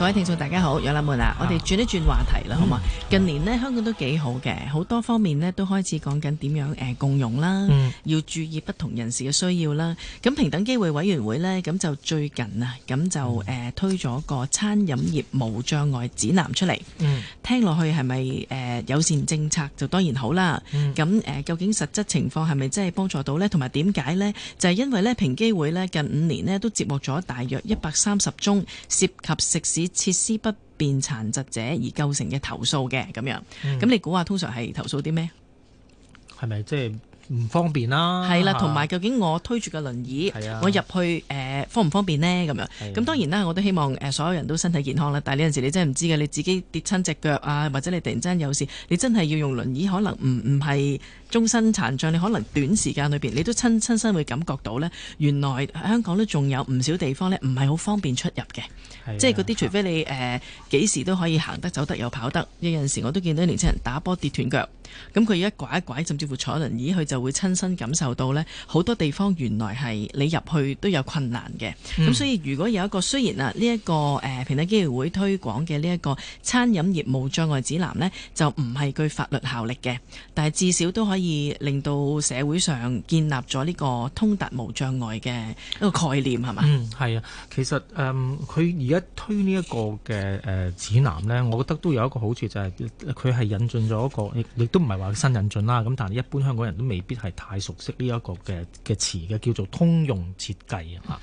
各位聽眾大家好，楊立門啊，我哋轉一轉話題啦，好嘛、嗯？近年呢，香港都幾好嘅，好多方面呢都開始講緊點樣、呃、共融啦、嗯，要注意不同人士嘅需要啦。咁平等機會委員會呢，咁就最近啊，咁就、嗯呃、推咗個餐飲業無障礙指南出嚟、嗯。聽落去係咪、呃、有友善政策就當然好啦。咁、嗯呃、究竟實質情況係咪真係幫助到呢？同埋點解呢？就係、是、因為呢，平機會呢近五年呢都接獲咗大約一百三十宗涉及食肆，設施不便殘疾者而構成嘅投訴嘅咁樣，咁、嗯、你估下通常係投訴啲咩？係咪即係？就係唔方便啦、啊，係啦、啊，同埋、啊、究竟我推住個輪椅，啊、我入去、呃、方唔方便呢？咁樣咁、啊、當然啦，我都希望、呃、所有人都身體健康啦。但係呢陣時你真係唔知嘅，你自己跌親隻腳啊，或者你突然之間有事，你真係要用輪椅，可能唔唔係終身殘障，你可能短時間裏面，你都親親身會感覺到呢。原來香港都仲有唔少地方呢，唔係好方便出入嘅、啊，即係嗰啲除非你誒幾、呃、時都可以行得走得又跑得。有陣時我都見到啲年輕人打波跌斷腳，咁佢一拐一拐，甚至乎坐輪椅佢就。會親身感受到咧，好多地方原來係你入去都有困難嘅。咁、嗯、所以如果有一個雖然啊呢一個誒平等機會會推廣嘅呢一個餐飲業無障礙指南呢，就唔係具法律效力嘅，但係至少都可以令到社會上建立咗呢個通達無障礙嘅一個概念係嘛？嗯，係啊。其實誒，佢而家推呢一個嘅誒指南呢，我覺得都有一個好處就係佢係引進咗一個，亦亦都唔係話新引進啦。咁但係一般香港人都未必。必係太熟悉呢一個嘅嘅詞嘅，叫做通用設計啊，吓、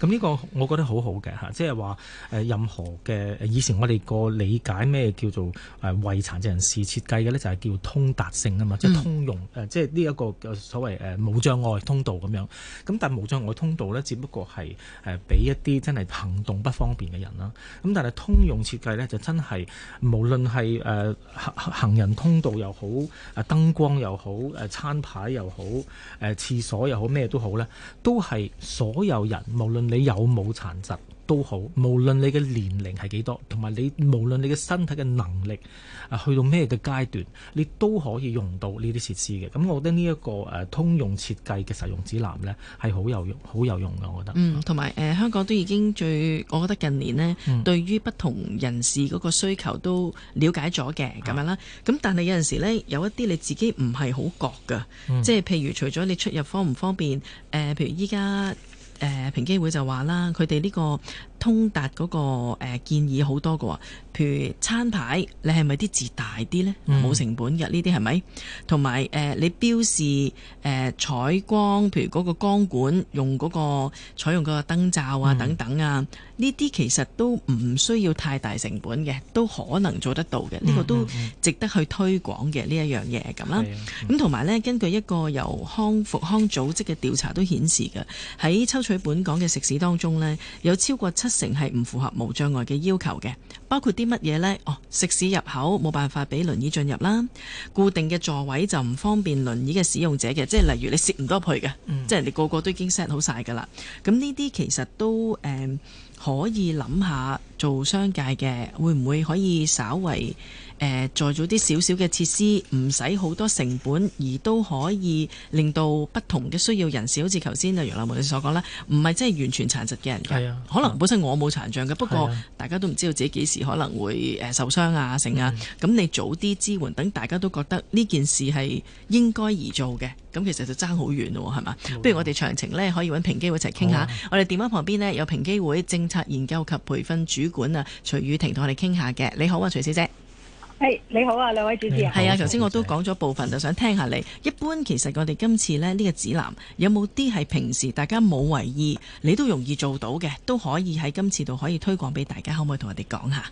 嗯，咁呢個我覺得好好嘅吓，即係話誒任何嘅，以前我哋個理解咩叫做誒為殘疾人士設計嘅咧，就係叫通達性啊嘛、嗯，即係通用誒即係呢一個所謂誒無障礙通道咁樣，咁但係無障礙通道咧，只不過係誒俾一啲真係行動不方便嘅人啦。咁但係通用設計咧，就真係無論係誒行人通道又好，誒燈光又好，誒餐牌，又好，誒、呃，廁所又好，咩都好咧，都係所有人，無論你有冇殘疾。都好，無論你嘅年齡係幾多，同埋你無論你嘅身體嘅能力啊，去到咩嘅階段，你都可以用到呢啲設施嘅。咁我覺得呢、這、一個誒、啊、通用設計嘅實用指南呢，係好有用，好有用嘅，我覺得。嗯，同埋誒香港都已經最，我覺得近年呢，嗯、對於不同人士嗰個需求都了解咗嘅咁樣啦。咁但係有陣時呢，有一啲你自己唔係好覺嘅、嗯，即係譬如除咗你出入方唔方便，誒、呃、譬如依家誒。呃平機會就話啦，佢哋呢個通達嗰、那個誒、呃、建議好多噶，譬如餐牌你係咪啲字大啲咧？冇、嗯、成本嘅呢啲係咪？同埋誒，你標示誒採、呃、光，譬如嗰個光管用嗰、那個採用個燈罩啊，等等啊，呢、嗯、啲其實都唔需要太大成本嘅，都可能做得到嘅。呢、嗯這個都值得去推廣嘅、嗯嗯、呢一樣嘢咁啦。咁同埋咧，根據一個由康復康組織嘅調查都顯示嘅，喺抽取本。講嘅食肆當中呢，有超過七成係唔符合無障礙嘅要求嘅，包括啲乜嘢呢？哦，食肆入口冇辦法俾輪椅進入啦，固定嘅座位就唔方便輪椅嘅使用者嘅，即係例如你塞唔到入去嘅，嗯，即係人哋個個都已經 set 好晒噶啦。咁呢啲其實都誒、嗯、可以諗下做商界嘅，會唔會可以稍為？誒，再做啲少少嘅設施，唔使好多成本，而都可以令到不同嘅需要人士，好似頭先啊楊立梅所講啦，唔係真係完全殘疾嘅人嘅、啊，可能本身我冇殘障嘅、啊，不過大家都唔知道自己幾時可能會受傷啊，成啊，咁、嗯、你早啲支援，等大家都覺得呢件事係應該而做嘅，咁其實就差好遠喎，係嘛、啊？不如我哋詳情呢，可以揾平機會一齊傾下。我哋電話旁邊呢，有平機會政策研究及培訓主管啊，徐妤婷同我哋傾下嘅。你好啊，徐小姐。係、hey，你好啊，兩位主持人、嗯、是啊，係啊，頭先我都講咗部分，就、嗯、想聽下你。一般其實我哋今次咧呢、這個指南有冇啲係平時大家冇為意，你都容易做到嘅，都可以喺今次度可以推廣俾大家，可唔可以同我哋講下？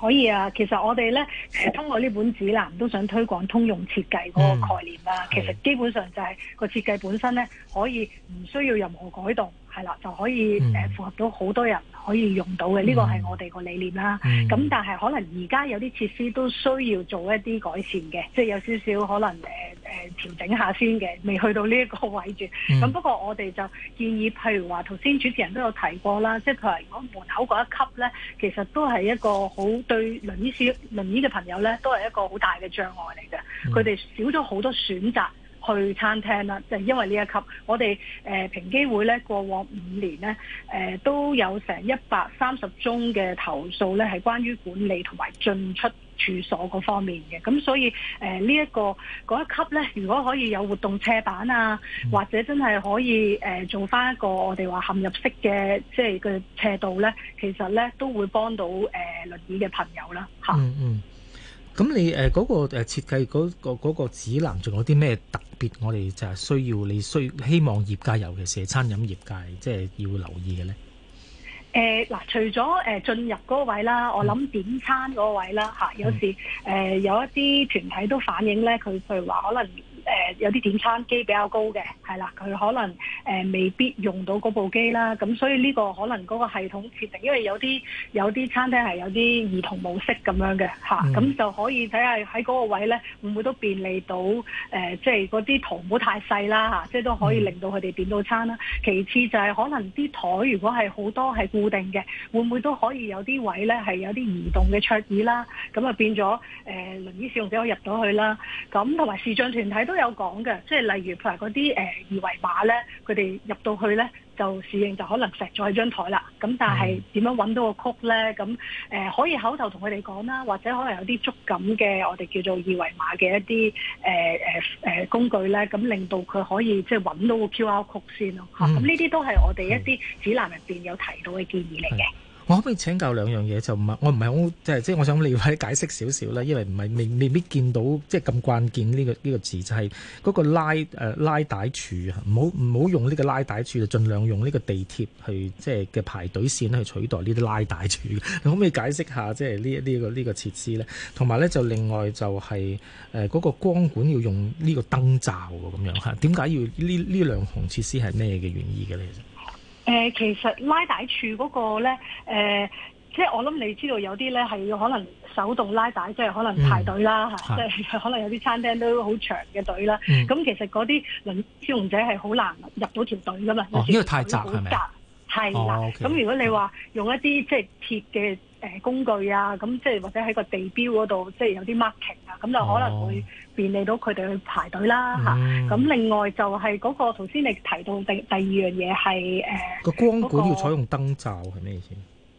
可以啊，其實我哋呢通過呢本指南都想推廣通用設計嗰個概念啦、啊嗯。其實基本上就係個設計本身呢，可以唔需要任何改動，係啦就可以、嗯呃、符合到好多人。可以用到嘅呢、這個係我哋個理念啦。咁、mm-hmm. 但係可能而家有啲設施都需要做一啲改善嘅，即、就、係、是、有少少可能誒誒調整下先嘅，未去到呢一個位置。咁、mm-hmm. 不過我哋就建議，譬如話頭先主持人都有提過啦，即係譬如我門口嗰一級呢，其實都係一個好對輪椅師輪椅嘅朋友呢，都係一個好大嘅障礙嚟嘅，佢、mm-hmm. 哋少咗好多選擇。去餐廳啦，就係、因為呢一級，我哋誒、呃、平機會咧，過往五年咧，誒、呃、都有成一百三十宗嘅投訴咧，係關於管理同埋進出處所嗰方面嘅。咁所以誒呢一個嗰一級咧，如果可以有活動斜板啊，嗯、或者真係可以誒、呃、做翻一個我哋話陷入式嘅，即係個斜度咧，其實咧都會幫到誒、呃、輪椅嘅朋友啦，嚇、嗯。嗯。咁你誒嗰個誒設計嗰個嗰個指南仲有啲咩特別？我哋就係需要你需希望業界，尤其是餐飲業界，即係要留意嘅咧。誒嗱，除咗誒進入嗰位啦，我諗點餐嗰位啦嚇，有時誒有一啲團體都反映咧，佢佢話可能。誒、呃、有啲點餐機比較高嘅，係啦，佢可能誒、呃、未必用到嗰部機啦，咁所以呢個可能嗰個系統設定，因為有啲有啲餐廳係有啲兒童模式咁樣嘅，咁、嗯啊、就可以睇下喺嗰個位呢會唔會都便利到誒、呃，即係嗰啲圖唔好太細啦，啊、即係都可以令到佢哋點到餐啦。嗯、其次就係可能啲台如果係好多係固定嘅，會唔會都可以有啲位呢係有啲移動嘅桌椅啦，咁啊變咗輪椅使用者可以入到去啦。咁同埋視障團體都。都有講嘅，即係例如譬如嗰啲誒二維碼咧，佢哋入到去咧，就侍應就可能石咗喺張台啦。咁但係點樣搵到個曲咧？咁誒、呃、可以口頭同佢哋講啦，或者可能有啲觸感嘅，我哋叫做二維碼嘅一啲誒誒誒工具咧，咁令到佢可以即係搵到個 Q R 曲線咯。咁呢啲都係我哋一啲指南入邊有提到嘅建議嚟嘅。我可唔可以請教兩樣嘢？就唔係我唔係好即係即係我想你你解釋少少啦，因為唔係未未必見到即係咁關鍵呢個呢、呢個字，就係、係、嗰個拉、呃、拉帶柱啊！唔好唔好用呢個拉帶柱，就盡量用呢個地鐵去即係嘅排隊線去取代呢啲拉帶柱。你可唔可以解釋下即係呢呢個呢、呢個設施咧？同埋咧就另外就係、係、嗰、呃嗰個光管要用呢個燈罩喎咁樣吓？點解要呢呢兩項設施係咩嘅原意嘅咧？誒、呃，其實拉帶柱嗰，那個咧，誒、呃，即係我諗你知道有啲咧係要可能手動拉帶，即係可能排隊啦吓、嗯，即係可能有啲餐廳都好長嘅隊啦。咁、嗯、其實嗰啲輪椅使用者係好難入到條隊噶嘛、哦。因為太窄係咪？係啦，咁、哦 okay, 如果你話用一啲即係鐵嘅。誒工具啊，咁即係或者喺個地標嗰度，即係有啲 marking 啊，咁就可能會便利到佢哋去排隊啦吓。咁、哦嗯啊、另外就係嗰個，頭先你提到第第二樣嘢係誒個光管、那個、要採用燈罩係咩意思？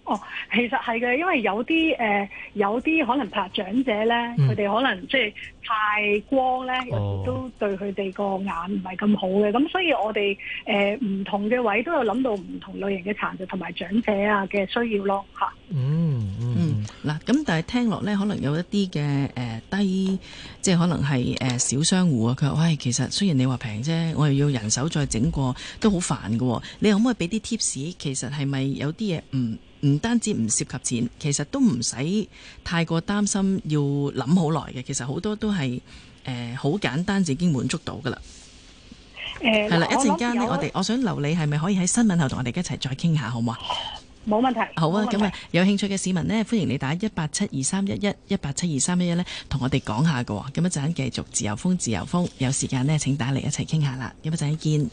哦，其實係嘅，因為有啲誒、呃，有啲可能拍長者咧，佢、嗯、哋可能即係太光咧，有時都對佢哋個眼唔係咁好嘅。咁、哦、所以我哋誒唔同嘅位都有諗到唔同類型嘅殘疾同埋長者啊嘅需要咯，嚇。嗯嗯，嗱、嗯，咁但係聽落咧，可能有一啲嘅誒低，即係可能係誒、呃、小商戶啊，佢話喂，其實雖然你話平啫，我又要人手再整過，都好煩嘅喎。你可唔可以俾啲 tips？其實係咪有啲嘢唔？唔單止唔涉及錢，其實都唔使太過擔心，要諗好耐嘅。其實好多都係誒好簡單就已經滿足到噶啦。誒、呃，係啦，一陣間呢，我哋我，、呃、我想留你係咪可以喺新聞後同我哋一齊再傾下，好唔好啊？冇問題。好啊，咁啊，有興趣嘅市民呢，歡迎你打一八七二三一一一八七二三一一呢，同我哋講下㗎。咁一陣間繼續自由風，自由風，有時間呢，請打嚟一齊傾下啦。咁一陣間見。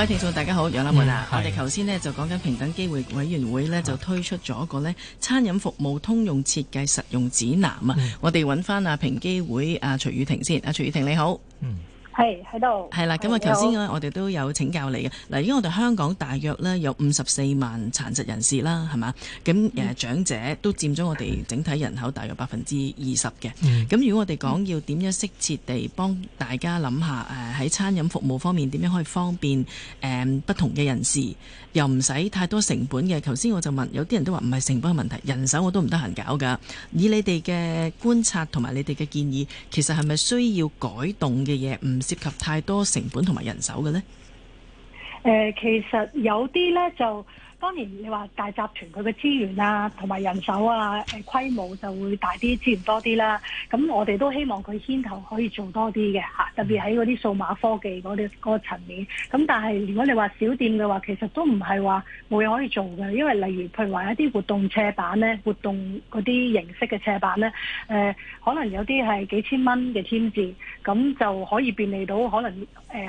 各位聽眾，大家好，楊立門啊，我哋頭先呢就講緊平等機會委員會呢，就推出咗一個呢餐飲服務通用設計實用指南啊，我哋揾翻阿平機會阿、啊、徐妤婷先，阿、啊、徐妤婷你好。嗯係喺度，係啦，咁啊，頭先我哋都有請教你嘅。嗱，因為我哋香港大約呢有五十四萬殘疾人士啦，係嘛？咁誒長者都佔咗我哋整體人口大約百分之二十嘅。咁、嗯、如果我哋講要點樣適切地幫大家諗下誒喺餐飲服務方面點樣可以方便誒、嗯、不同嘅人士，又唔使太多成本嘅。頭先我就問有啲人都話唔係成本嘅問題，人手我都唔得閒搞㗎。以你哋嘅觀察同埋你哋嘅建議，其實係咪需要改動嘅嘢唔涉及太多成本同埋人手嘅咧，誒，其實有啲咧就。當然，你話大集團佢嘅資源啊，同埋人手啊，誒規模就會大啲，資源多啲啦。咁我哋都希望佢牽頭可以做多啲嘅吓，特別喺嗰啲數碼科技嗰啲嗰個層面。咁但係如果你話小店嘅話，其實都唔係話冇嘢可以做嘅，因為例如譬如話一啲活動斜板咧，活動嗰啲形式嘅斜板咧、呃，可能有啲係幾千蚊嘅添置，咁就可以便利到可能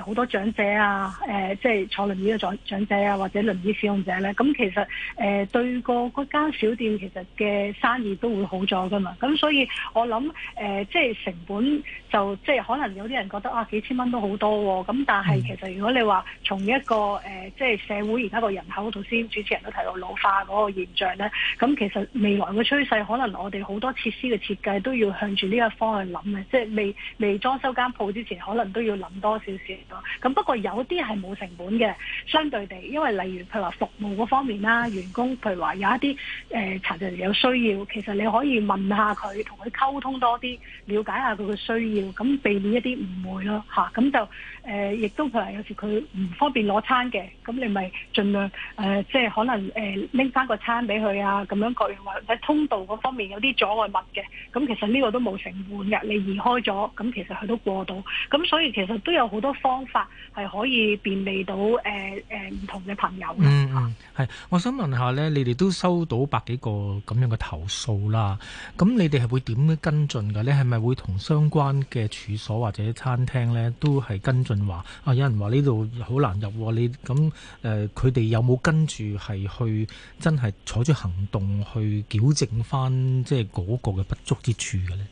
好、呃、多長者啊，即、呃、係、就是、坐輪椅嘅長長者啊，或者輪椅使用者咧。咁其實誒、呃、對個嗰間小店其實嘅生意都會好咗噶嘛，咁所以我諗誒、呃、即係成本就即係可能有啲人覺得啊幾千蚊都好多喎、啊，咁但係其實如果你話從一個誒、呃、即係社會而家個人口度先，剛才主持人都提到老化嗰個現象咧，咁其實未來嘅趨勢可能我哋好多設施嘅設計都要向住呢一方去諗嘅，即係未未裝修間鋪之前，可能都要諗多少少咯。咁不過有啲係冇成本嘅，相對地，因為例如譬如話服務方面啦，員工譬如話有一啲誒殘疾人有需要，其實你可以問下佢，同佢溝通多啲，了解下佢嘅需要，咁避免一啲誤會咯吓，咁、啊、就。誒、呃，亦都可能有時佢唔方便攞餐嘅，咁你咪盡量誒、呃，即係可能誒拎翻個餐俾佢啊，咁樣各樣或者通道嗰方面有啲阻礙物嘅，咁其實呢個都冇成本嘅，你移開咗，咁其實佢都過到，咁所以其實都有好多方法係可以便利到誒誒唔同嘅朋友嘅嚇。係、嗯嗯，我想問一下問下咧，你哋都收到百幾個咁樣嘅投訴啦，咁你哋係會點跟進嘅？你係咪會同相關嘅處所或者餐廳咧都係跟進的？話啊，有人話呢度好難入你咁誒，佢哋有冇跟住係去真係採取行動去矯正返即係嗰個嘅不足之處嘅咧？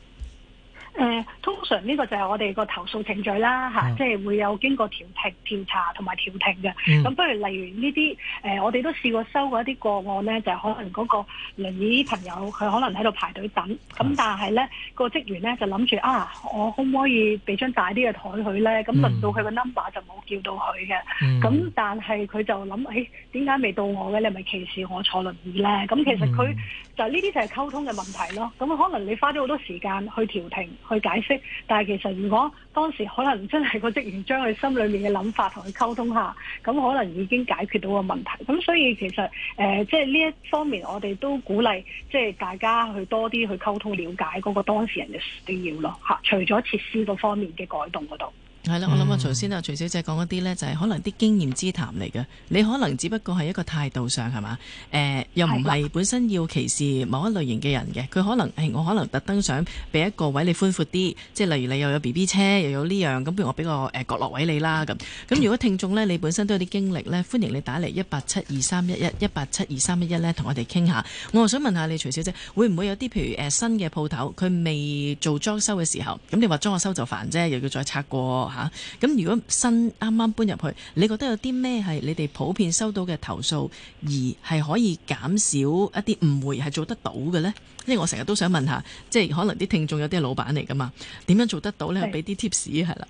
誒通常呢個就係我哋個投訴程序啦，嚇、yeah. 啊，即、就、係、是、會有經過調停、調查同埋調停嘅。咁、mm. 不如例如呢啲誒，我哋都試過收過一啲個案呢，就係、是、可能嗰個輪椅朋友佢可能喺度排隊等，咁但係呢、那個職員呢，就諗住啊，我可唔可以俾張大啲嘅枱佢呢？咁輪到佢個 number、mm. 就冇叫到佢嘅。咁、mm. 但係佢就諗誒，點、哎、解未到我嘅？你係咪歧視我坐輪椅呢？」咁其實佢、mm. 就呢啲就係溝通嘅問題咯。咁可能你花咗好多時間去調停。去解釋，但係其實如果當時可能真係個職員將佢心裏面嘅諗法同佢溝通下，咁可能已經解決到個問題。咁所以其實誒、呃，即係呢一方面，我哋都鼓勵即係大家去多啲去溝通，了解嗰個當事人嘅需要咯嚇。除咗設施嗰方面嘅改動嗰度。係啦，我諗啊，頭先啊，徐小姐講嗰啲呢，就係、是、可能啲經驗之談嚟嘅。你可能只不過係一個態度上係嘛，誒、呃，又唔係本身要歧視某一類型嘅人嘅。佢可能誒、欸，我可能特登想俾一個位你寬闊啲，即係例如你又有 B B 車，又有呢樣，咁不如我俾個誒、呃、角落位你啦。咁咁，如果聽眾呢，你本身都有啲經歷呢，歡迎你打嚟一八七二三一一一八七二三一一呢，同我哋傾下。我又想問下你，徐小姐，會唔會有啲譬如誒、呃、新嘅鋪頭，佢未做裝修嘅時候，咁你話裝修就煩啫，又要再拆過。咁如果新啱啱搬入去，你覺得有啲咩係你哋普遍收到嘅投訴，而係可以減少一啲誤會，係做得到嘅呢？因為我成日都想問下，即係可能啲聽眾有啲係老闆嚟噶嘛，點樣做得到呢？俾啲 tips 係啦。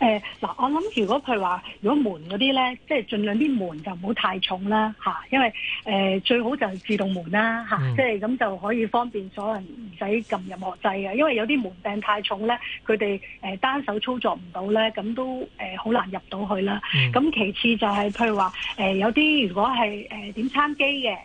誒、呃、嗱，我諗如果譬如話，如果門嗰啲咧，即係儘量啲門就唔好太重啦，嚇，因為誒、呃、最好就係自動門啦，嚇、嗯啊，即係咁就可以方便所有人唔使撳任何掣嘅，因為有啲門柄太重咧，佢哋誒單手操作唔到咧，咁都誒好、呃、難入到去啦。咁、嗯、其次就係、是、譬如話，誒、呃、有啲如果係誒點餐機嘅。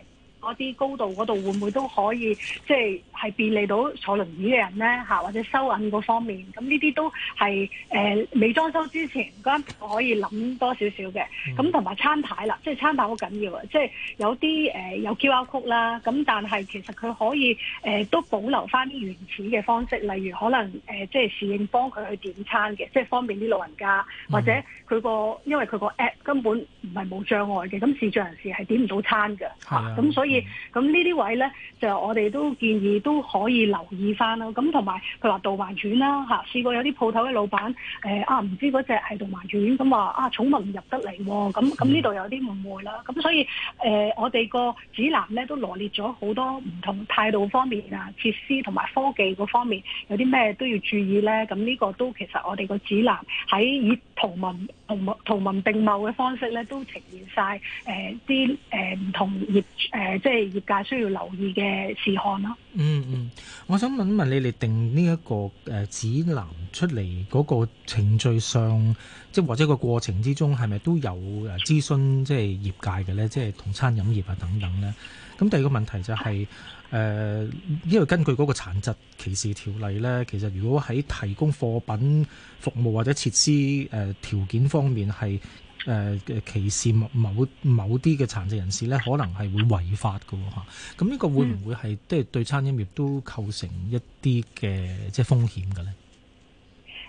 嗰啲高度嗰度會唔會都可以即係係便利到坐輪椅嘅人咧，吓，或者收銀嗰方面，咁呢啲都係誒未裝修之前，嗰陣可以諗多少少嘅。咁同埋餐牌啦，即係餐牌好緊要啊！即係有啲誒、呃、有 QR code 啦，咁但係其實佢可以誒、呃、都保留翻啲原始嘅方式，例如可能誒即係侍應幫佢去點餐嘅，即係方便啲老人家、嗯、或者佢個因為佢個 app 根本唔係冇障礙嘅，咁視障人士係點唔到餐嘅，嚇、啊，咁所以。咁呢啲位呢，就我哋都建議都可以留意翻啦。咁同埋佢話導盲犬啦，嚇、啊、試過有啲鋪頭嘅老闆、呃、啊，唔知嗰隻係導盲犬，咁話啊，寵物唔入得嚟，咁咁呢度有啲誤會啦。咁所以、呃、我哋個指南呢都羅列咗好多唔同態度方面啊、設施同埋科技嗰方面有啲咩都要注意呢。咁呢個都其實我哋個指南喺以圖文圖圖文並茂嘅方式呢都呈現曬啲唔同業、呃即係業界需要留意嘅事項咯。嗯嗯，我想問問你哋定呢一個誒指南出嚟嗰個程序上，即係或者個過程之中，係咪都有誒諮詢即係業界嘅咧？即係同餐飲業啊等等咧。咁第二個問題就係、是、誒、呃，因為根據嗰個殘疾歧視條例咧，其實如果喺提供貨品、服務或者設施誒條、呃、件方面係。誒、呃、嘅歧視某某啲嘅殘疾人士咧，可能係會違法㗎吓。咁呢個會唔會係即係對餐飲業都構成一啲嘅即係風險嘅咧？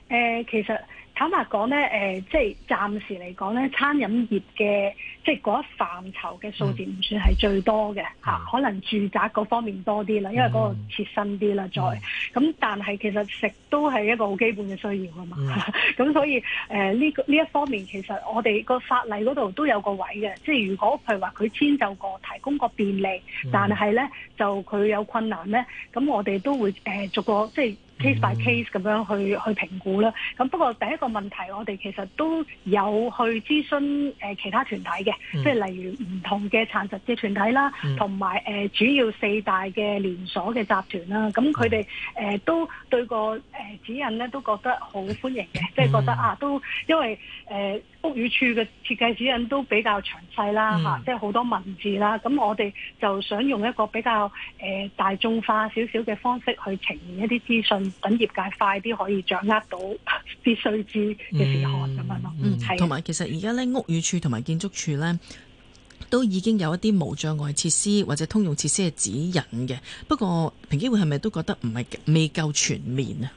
誒、呃，其實。坦白講咧，誒、呃，即係暫時嚟講咧，餐飲業嘅即係嗰一範疇嘅數字唔算係最多嘅嚇、嗯啊，可能住宅嗰方面多啲啦，因為嗰個切身啲啦。再咁，但係其實食都係一個好基本嘅需要啊、嗯、嘛。咁、嗯嗯、所以誒，呢個呢一方面其實我哋個法例嗰度都有個位嘅，即係如果譬如話佢遷就過提供個便利，嗯、但係咧就佢有困難咧，咁我哋都會誒、呃、逐個即係。case by case 咁樣去、mm-hmm. 去評估啦。咁不過第一個問題，我哋其實都有去諮詢、呃、其他團體嘅，即、mm-hmm. 係例如唔同嘅殘疾嘅團體啦，同、mm-hmm. 埋主要四大嘅連鎖嘅集團啦。咁佢哋、呃、都對個、呃、指引咧，都覺得好歡迎嘅，mm-hmm. 即係覺得啊，都因為、呃屋宇處嘅設計指引都比較詳細啦，吓，即係好多文字啦。咁、嗯、我哋就想用一個比較誒大眾化少少嘅方式去呈現一啲資訊，等業界快啲可以掌握到必須知嘅事項咁樣咯。嗯，係。同、嗯、埋，嗯、其實而家呢屋宇處同埋建築處呢，都已經有一啲無障礙設施或者通用設施嘅指引嘅。不過，平機會係咪都覺得唔係未夠全面啊？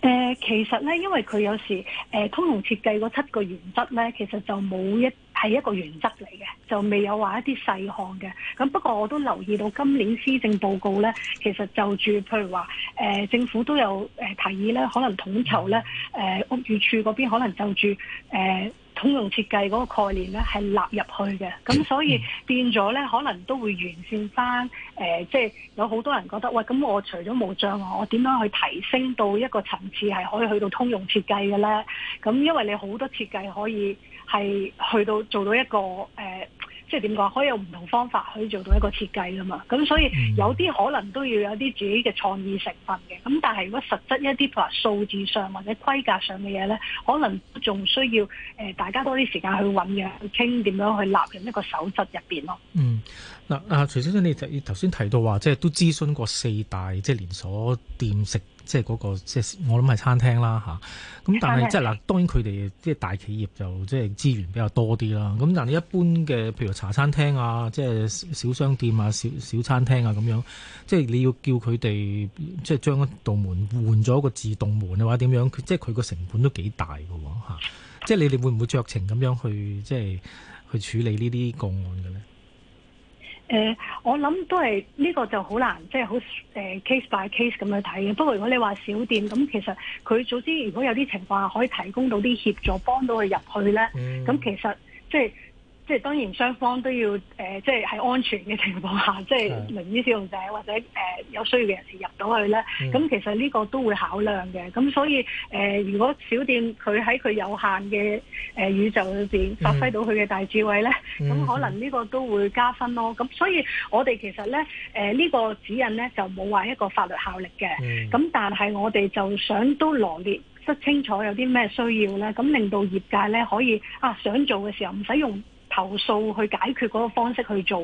呃、其實咧，因為佢有時誒、呃、通融設計嗰七個原則咧，其實就冇一係一個原則嚟嘅，就未有話一啲細項嘅。咁不過我都留意到今年施政報告咧，其實就住譬如話誒、呃、政府都有提議咧，可能統籌咧誒屋宇署嗰邊可能就住誒。呃通用設計嗰個概念咧係納入去嘅，咁所以變咗咧，可能都會完善翻。誒、呃，即係有好多人覺得，喂，咁我除咗無障礙，我點樣去提升到一個層次係可以去到通用設計嘅咧？咁因為你好多設計可以係去到做到一個誒。呃即係點講？可以有唔同方法去做到一個設計噶嘛？咁所以有啲可能都要有啲自己嘅創意成分嘅。咁但係如果實質一啲，譬如數字上或者規格上嘅嘢咧，可能仲需要誒，大家多啲時間去揾嘅，去傾，點樣去納入一個守則入邊咯。嗯，嗱、啊，阿徐先生，你頭先提到話，即係都諮詢過四大即係連鎖店食。即係嗰個，即係我諗係餐廳啦。咁但係即係嗱，當然佢哋即係大企業就即係資源比較多啲啦。咁但係一般嘅，譬如茶餐廳啊，即係小商店啊，小小餐廳啊咁樣，即係你要叫佢哋即係將一道門換咗個自動門嘅話，點樣？即係佢個成本都幾大㗎喎。即係你哋會唔會酌情咁樣去即係去處理呢啲個案嘅咧？誒、uh，我諗都係呢個就好難，即係好誒 case by case 咁樣睇嘅。不過如果你話小店咁，其實佢早知如果有啲情況可以提供到啲協助，幫到佢入去咧，咁、嗯、其實即係。就是即係當然，雙方都要誒、呃，即係喺安全嘅情況下，即係輪椅使用者或者誒、呃、有需要嘅人士入到去咧。咁其實呢個都會考量嘅。咁所以誒、呃，如果小店佢喺佢有限嘅誒、呃、宇宙裏邊發揮到佢嘅大智慧咧，咁可能呢個都會加分咯。咁所以我哋其實咧，誒、呃、呢、呢個指引咧就冇話一個法律效力嘅。咁但係我哋就想都羅列得清楚有啲咩需要咧，咁令到業界咧可以啊想做嘅時候唔使用，用。投訴去解決嗰個方式去做、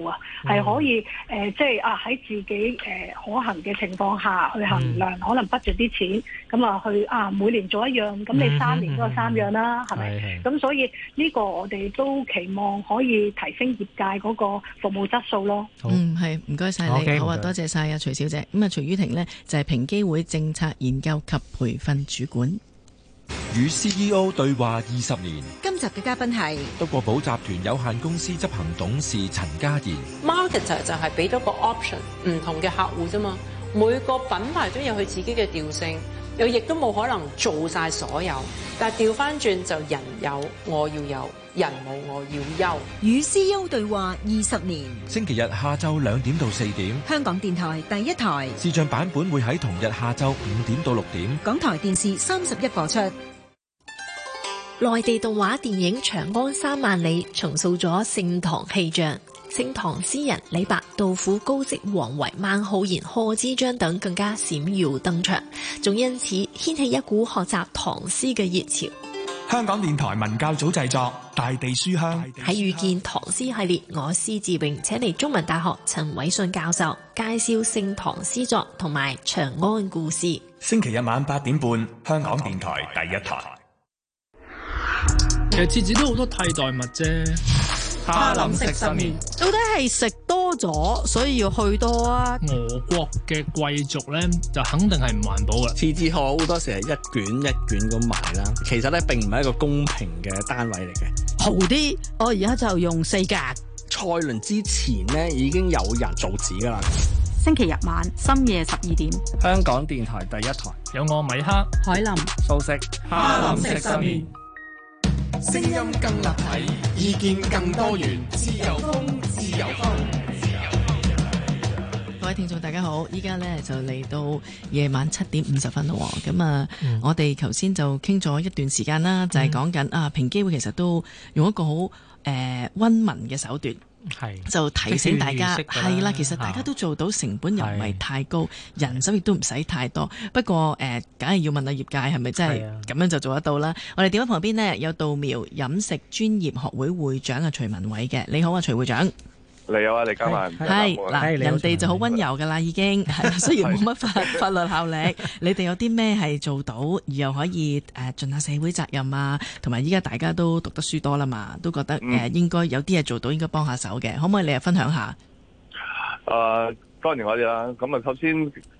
嗯是呃、是啊，係可以誒，即係啊喺自己誒、呃、可行嘅情況下去衡量，嗯、可能不 u 啲錢咁啊，去啊每年做一樣，咁你三年都係三樣啦，係、嗯、咪？咁、嗯、所以呢個我哋都期望可以提升業界嗰個服務質素咯。好嗯，係唔該晒你，好啊，多謝晒啊，徐小姐。咁啊，徐於婷呢，就係平機會政策研究及培訓主管。與 CEO 對話二十年。今集嘅嘉賓係德國寶集團有限公司執行董事陳嘉賢。Market 就係俾多個 option，唔同嘅客戶啫嘛。每個品牌都有佢自己嘅調性，又亦都冇可能做晒所有。但係調翻轉就人有，我要有。人無我要休，與 CEO 對話二十年。星期日下晝兩點到四點，香港電台第一台視像版本會喺同日下晝五點到六點，港台電視三十一播出。內地動畫電影《長安三萬里》重塑咗盛唐氣象，盛唐詩人李白、杜甫、高適、王維、孟浩然、賀知章等更加閃耀登場，仲因此掀起一股學習唐詩嘅熱潮。香港電台文教組製作《大地書香》，喺遇見唐詩系列，我詩自詠，請嚟中文大學陳偉信教授介紹盛唐詩作同埋長安故事。星期日晚八點半，香港電台第一台。其實設置都好多替代物啫。哈林食十麵，到底係食多咗，所以要去多啊？俄國嘅貴族咧，就肯定係唔環保嘅。廁紙可好多時係一卷一卷咁賣啦，其實咧並唔係一個公平嘅單位嚟嘅。豪啲，我而家就用四格。蔡倫之前咧已經有人造紙噶啦。星期日晚深夜十二點，香港電台第一台有我米克、海林、素食哈林食十麵。聲音更立體，意見更多元，自由風，自由風，自由風。各位聽眾大家好，依家呢就嚟到夜晚七點五十分咯，咁啊， 我哋頭先就傾咗一段時間啦，就係講緊啊，平機會其實都用一個好誒溫文嘅手段。係就提醒大家係、就是、啦是是是，其實大家都做到成本又唔係太高，人手亦都唔使太多。不過誒，梗、呃、係要問下業界係咪真係咁樣就做得到啦？我哋電話旁邊呢，有稻苗飲食專業學會會，會長啊，徐汶緯嘅，你好啊，徐會長。你有啊，你加埋。係嗱，人哋就好溫柔噶啦，已經。 雖然冇乜法法律效力， 你哋有啲咩係做到，而又可以誒盡下社會責任啊，同埋依家大家都讀得書多啦嘛，都覺得誒、呃、應該有啲嘢做到，應該幫下手嘅，可唔可以你又分享下？誒、嗯。 當然我哋啦。咁啊，首先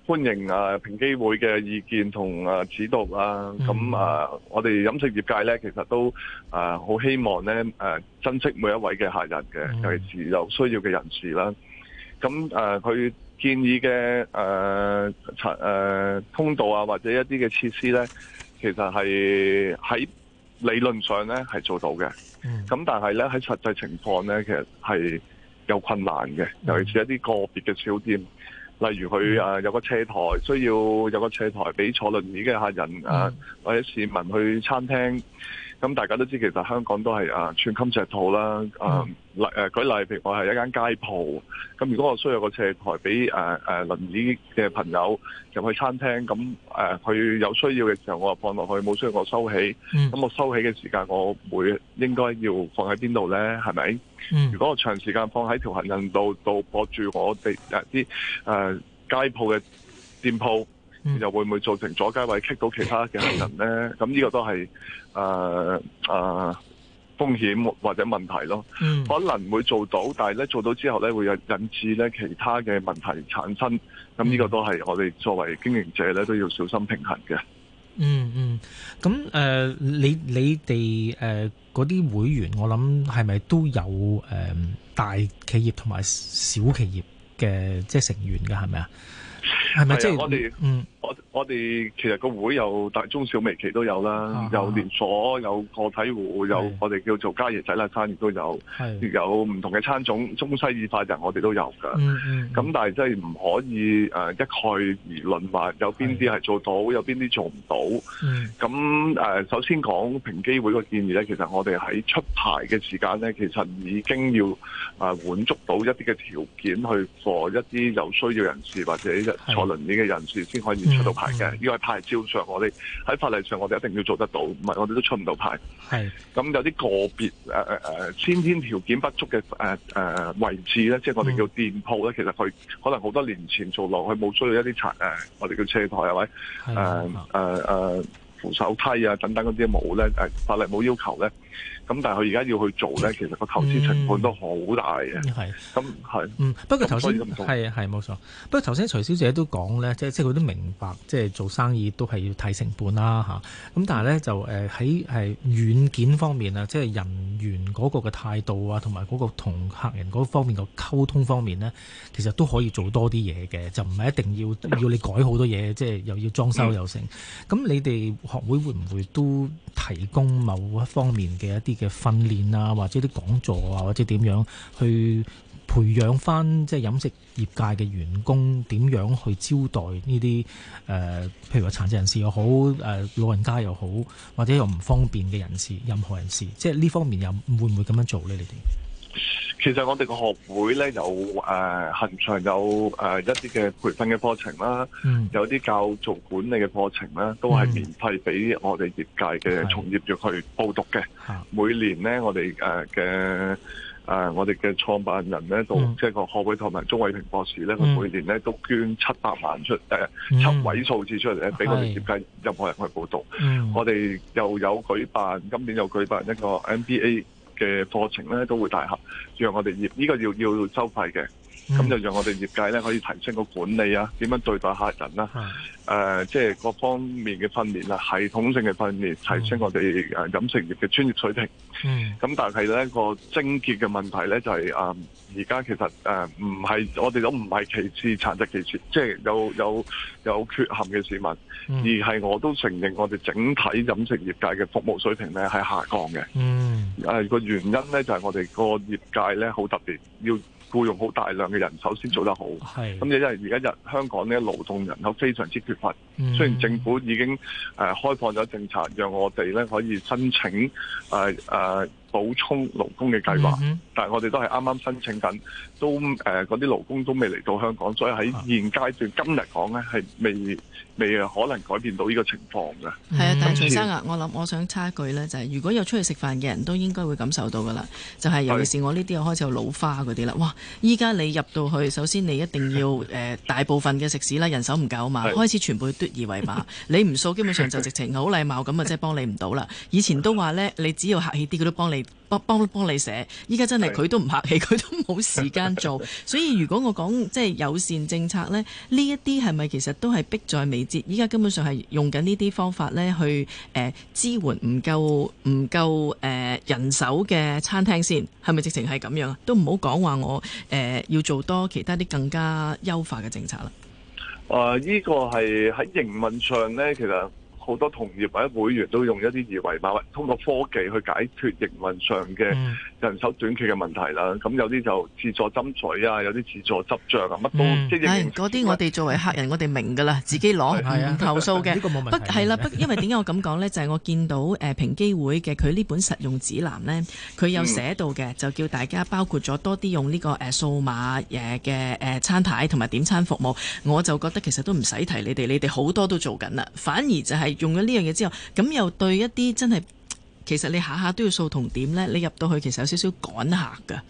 歡迎啊，平機會嘅意見同啊指導啊。咁、嗯、啊，我哋飲食業界咧，其實都啊，好希望咧，誒，珍惜每一位嘅客人嘅，尤其是有需要嘅人士啦。咁、嗯、誒，佢建議嘅誒通道啊，或者一啲嘅設施咧，其實係喺理論上咧係做到嘅。咁、嗯、但係咧喺實際情況咧，其實係。有困難嘅，尤其是一啲個別嘅小店，例如佢有個車台，需要有個車台俾坐輪椅嘅客人、嗯、或者市民去餐廳。咁、嗯嗯、大家都知，其實香港都係啊寸金尺土啦。誒、啊、例舉例譬如，我係一間街鋪。咁如果我需要個斜台俾誒誒輪椅嘅朋友入去餐廳，咁誒佢有需要嘅時候，我就放落去；冇需要我收起。咁、嗯、我收起嘅時間，我會應該要放喺邊度咧？係咪、嗯？如果我長時間放喺條行人道度，博住我哋一啲誒街鋪嘅店鋪。嗯、又會唔會造成咗街位棘到其他嘅行人咧？咁、嗯、呢個都係誒誒風險或者問題咯。嗯、可能會做到，但係咧做到之後咧會引引致咧其他嘅問題產生。咁呢個都係我哋作為經營者咧都要小心平衡嘅。嗯嗯，咁誒、呃、你你哋誒嗰啲會員，我諗係咪都有誒、呃、大企業同埋小企業嘅即係成員㗎係咪啊？是不是？係咪即係嗯？我哋其實個會有大中小微企都有啦，啊、有連鎖有個體戶有我哋叫做家爺仔啦，餐業都有，有唔同嘅餐種，中西意法人我哋都有噶。咁、嗯、但係真係唔可以誒一概而論話有邊啲係做到，有邊啲做唔到。咁首先講平機會個建議咧，其實我哋喺出牌嘅時間咧，其實已經要誒滿足到一啲嘅條件去畀一啲有需要人士或者坐輪椅嘅人士先可以出到牌。嘅、嗯，呢個係牌照上我，我哋喺法例上，我哋一定要做得到，唔係我哋都出唔到牌。係，咁有啲個別誒誒誒先天條件不足嘅誒誒位置咧，即係我哋叫店鋪咧、嗯，其實佢可能好多年前做落去冇需要一啲殘、啊、我哋叫車台係咪？誒誒誒扶手梯啊等等嗰啲冇咧誒，法例冇要求咧。咁但係佢而家要去做咧，其實個投資成本都好大嘅。係咁係。嗯，不過頭先係啊，係冇錯，不過頭先徐小姐都講咧，即係即係佢都明白，即係做生意都係要睇成本啦吓，咁但係咧就誒喺係軟件方面啊，即係人員嗰個嘅態度啊，同埋嗰個同客人嗰方面個溝通方面咧，其實都可以做多啲嘢嘅，就唔係一定要要你改好多嘢， 即係又要裝修又成。咁 你哋學會會唔會都提供某一方面嘅一啲？嘅訓練啊，或者啲講座啊，或者點樣去培養翻即係飲食業界嘅員工，點樣去招待呢啲、呃、譬如話殘疾人士又好、呃，老人家又好，或者又唔方便嘅人士，任何人士，即係呢方面又會唔會咁樣做呢？你哋？其實我哋個學會咧有誒、恆、呃、常有誒、呃、一啲嘅培訓嘅課程啦，嗯、有啲教做管理嘅課程啦，都係免費俾我哋業界嘅從業員去報讀嘅。每年咧，我哋誒嘅誒，我哋嘅創辦人咧、嗯，到即係個學會同埋鍾偉平博士咧，佢每年咧都捐七百萬出誒、呃嗯，七位數字出嚟咧，俾我哋業界任何人去報讀。我哋又有舉辦、嗯，今年又舉辦一個 MBA。嘅課程咧都會大合，讓我哋業呢、呢個要要收費嘅。咁、嗯、就讓我哋業界咧可以提升個管理啊，點樣對待客人啦、啊？誒、嗯、即、呃、係、就是、各方面嘅訓練啦，系統性嘅訓練，提升我哋誒飲食業嘅專業水平。咁、嗯、但係咧、那個症結嘅問題咧就係、是、啊、而、呃、家其實誒唔係，我哋都唔係歧視、殘疾歧視，即係、就是、有有有缺陷嘅市民，嗯，而係我都承認我哋整體飲食業界嘅服務水平咧係下降嘅。誒、嗯、個、呃、原因咧就係、是、我哋個業界咧好特別要。僱用好大量嘅人手先做得好，咁亦因為而家日香港咧勞動人口非常之缺乏、嗯，雖然政府已經誒開放咗政策，讓我哋咧可以申請。誒、呃、誒。呃補充勞工嘅計劃，mm-hmm. 但係我哋都係啱啱申請緊，都誒嗰啲勞工都未嚟到香港，所以喺現階段、啊、今日講呢，係未未可能改變到呢個情況嘅。係、mm-hmm. 啊，但係徐生啊，我諗我想插一句呢，就係、是、如果有出去食飯嘅人都應該會感受到㗎啦，就係、是、尤其是我呢啲又開始有老花嗰啲啦。哇！依家你入到去，首先你一定要、呃、大部分嘅食肆啦，人手唔夠啊嘛，開始全部要嘟二維碼， 你唔掃，基本上就直情好禮貌咁啊，即 係幫你唔到啦。以前都話呢，你只要客氣啲，佢都幫你。幫幫幫你寫，依家真係佢都唔客氣，佢 都冇時間做。所以如果我講即係友善政策呢，呢一啲係咪其實都係迫在眉睫？依家根本上係用緊呢啲方法呢去誒支援唔夠唔夠誒人手嘅餐廳先，係咪直情係咁樣啊？都唔好講話我誒要做多其他啲更加優化嘅政策啦。誒、呃、呢、呢個係喺營運上呢，其實。好多同業或者會員都用一啲二維碼，通過科技去解決營運上嘅人手短缺嘅問題啦。咁有啲就自助斟水啊，有啲自助執醬啊，乜都。唉，嗰啲我哋作為客人，我哋明㗎啦，自己攞，唔投訴嘅。呢個冇問題。不係啦，不，因為點解我咁講呢？就係我見到誒平機會嘅佢呢本實用指南呢，佢有寫到嘅，就叫大家包括咗多啲用呢個誒數碼誒嘅誒餐牌同埋點餐服務。我就覺得其實都唔使提你哋，你哋好多都做緊啦，反而就係。用咗呢樣嘢之後，咁又對一啲真係其實你下下都要掃同點呢？你入到去其實有少少趕客噶，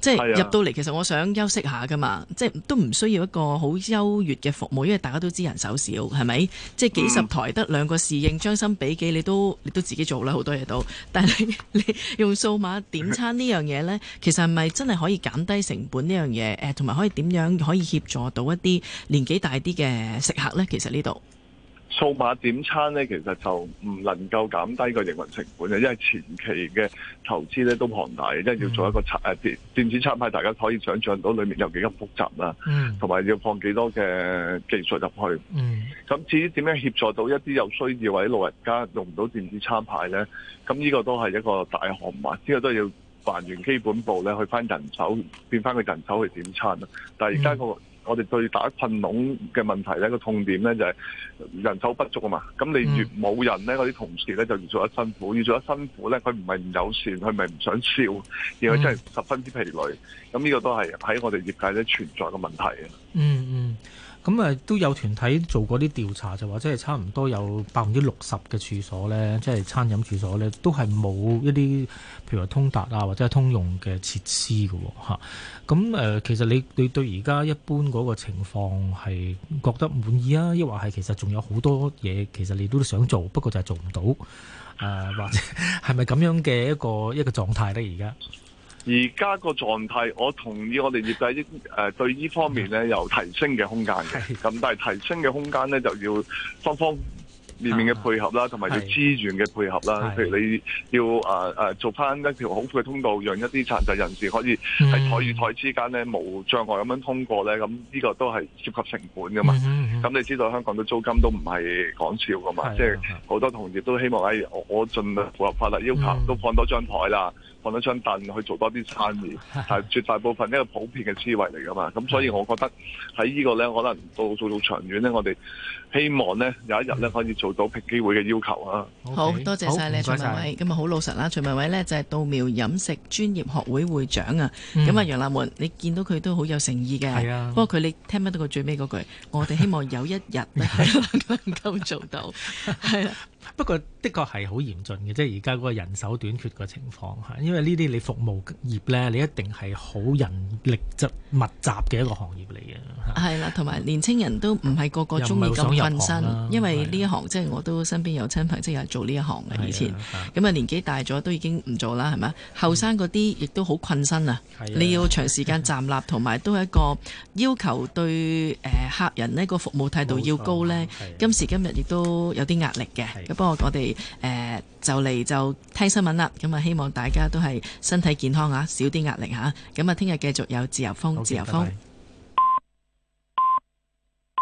即係入到嚟其實我想休息下噶嘛，啊、即係都唔需要一個好優越嘅服務，因為大家都知人手少，係咪？即係幾十台得兩個侍應，將心比己，你都你都自己做啦，好多嘢都。但係你你用數碼點餐呢樣嘢呢？其實係咪真係可以減低成本呢樣嘢？呃、同埋可以點樣可以協助到一啲年紀大啲嘅食客呢？其實呢度。數碼點餐咧，其實就唔能夠減低個營運成本嘅，因為前期嘅投資咧都龐大嘅，因為要做一個餐、嗯啊、電子餐牌，大家可以想象到裏面有幾咁複雜啦，同、嗯、埋要放幾多嘅技術入去。咁、嗯、至於點樣協助到一啲有需要或者老人家用唔到電子餐牌咧，咁呢個都係一個大項目，之、這、後、個、都要還原基本步咧，去翻人手變翻個人手去點餐，但係而家個、嗯我哋最大困籠嘅問題咧，個痛點咧就係人手不足啊嘛。咁你越冇人咧，嗰啲同事咧就越做得辛苦。越做得辛苦咧，佢唔係唔友善，佢咪唔想笑，而佢真係十分之疲累。咁呢個都係喺我哋業界咧存在嘅問題啊。嗯嗯。咁、嗯、都有團體做過啲調查，就或者係差唔多有百分之六十嘅處所咧，即、就、係、是、餐飲處所咧，都係冇一啲譬如話通達啊，或者係通用嘅設施㗎喎。咁、嗯、其實你你對而家一般嗰個情況係覺得滿意啊，抑或係其實仲有好多嘢，其實你都想做，不過就係做唔到，誒、呃、或者係咪咁樣嘅一個一個狀態咧？而家？而家個狀態，我同意我哋業界應誒、呃、對呢方面咧有提升嘅空間嘅。咁但係提升嘅空間咧，就要方方面面嘅配合啦，同埋要資源嘅配合啦。譬如你要誒、呃、做翻一條好闊嘅通道，讓一啲殘疾人士可以喺台與台之間咧冇障礙咁樣通過咧。咁呢個都係涉及成本噶嘛。咁、啊、你知道香港嘅租金都唔係講笑噶嘛。即係好多同業都希望喺、哎、我，我盡量符合法律要求，都放多張台啦。放咗張凳去做多啲生意，但 係絕大部分一個普遍嘅思維嚟噶嘛，咁所以我覺得喺呢個咧，可能到做到長遠咧，我哋希望咧有一日咧可以做到平機會嘅要求啊、okay.。好多謝晒咧，徐汶緯。咁啊，好老實啦，徐汶緯咧就係稻苗飲食專業學會會長啊。咁、嗯、啊，楊立門，你見到佢都好有誠意嘅。係、嗯、啊。不過佢你聽唔到佢最尾嗰句？啊、我哋希望有一日 能夠做到。係啦、啊。不過的確係好嚴峻嘅，即係而家嗰個人手短缺嘅情況吓，因為呢啲你服務業呢，你一定係好人力質密集嘅一個行業嚟嘅。係啦，同埋年青人都唔係個個中意咁困身，因為呢一行即係我都身邊有親朋即係做呢一行嘅以前，咁啊年紀大咗都已經唔做啦，係咪？後生嗰啲亦都好困身啊！你要長時間站立，同埋都係一個要求對誒客人呢個服務態度要高呢。今時今日亦都有啲壓力嘅。不過我哋誒、呃、就嚟就聽新聞啦，咁啊希望大家都係身體健康啊，少啲壓力吓，咁啊聽日繼續有自由風。Okay, 自由風。Bye bye.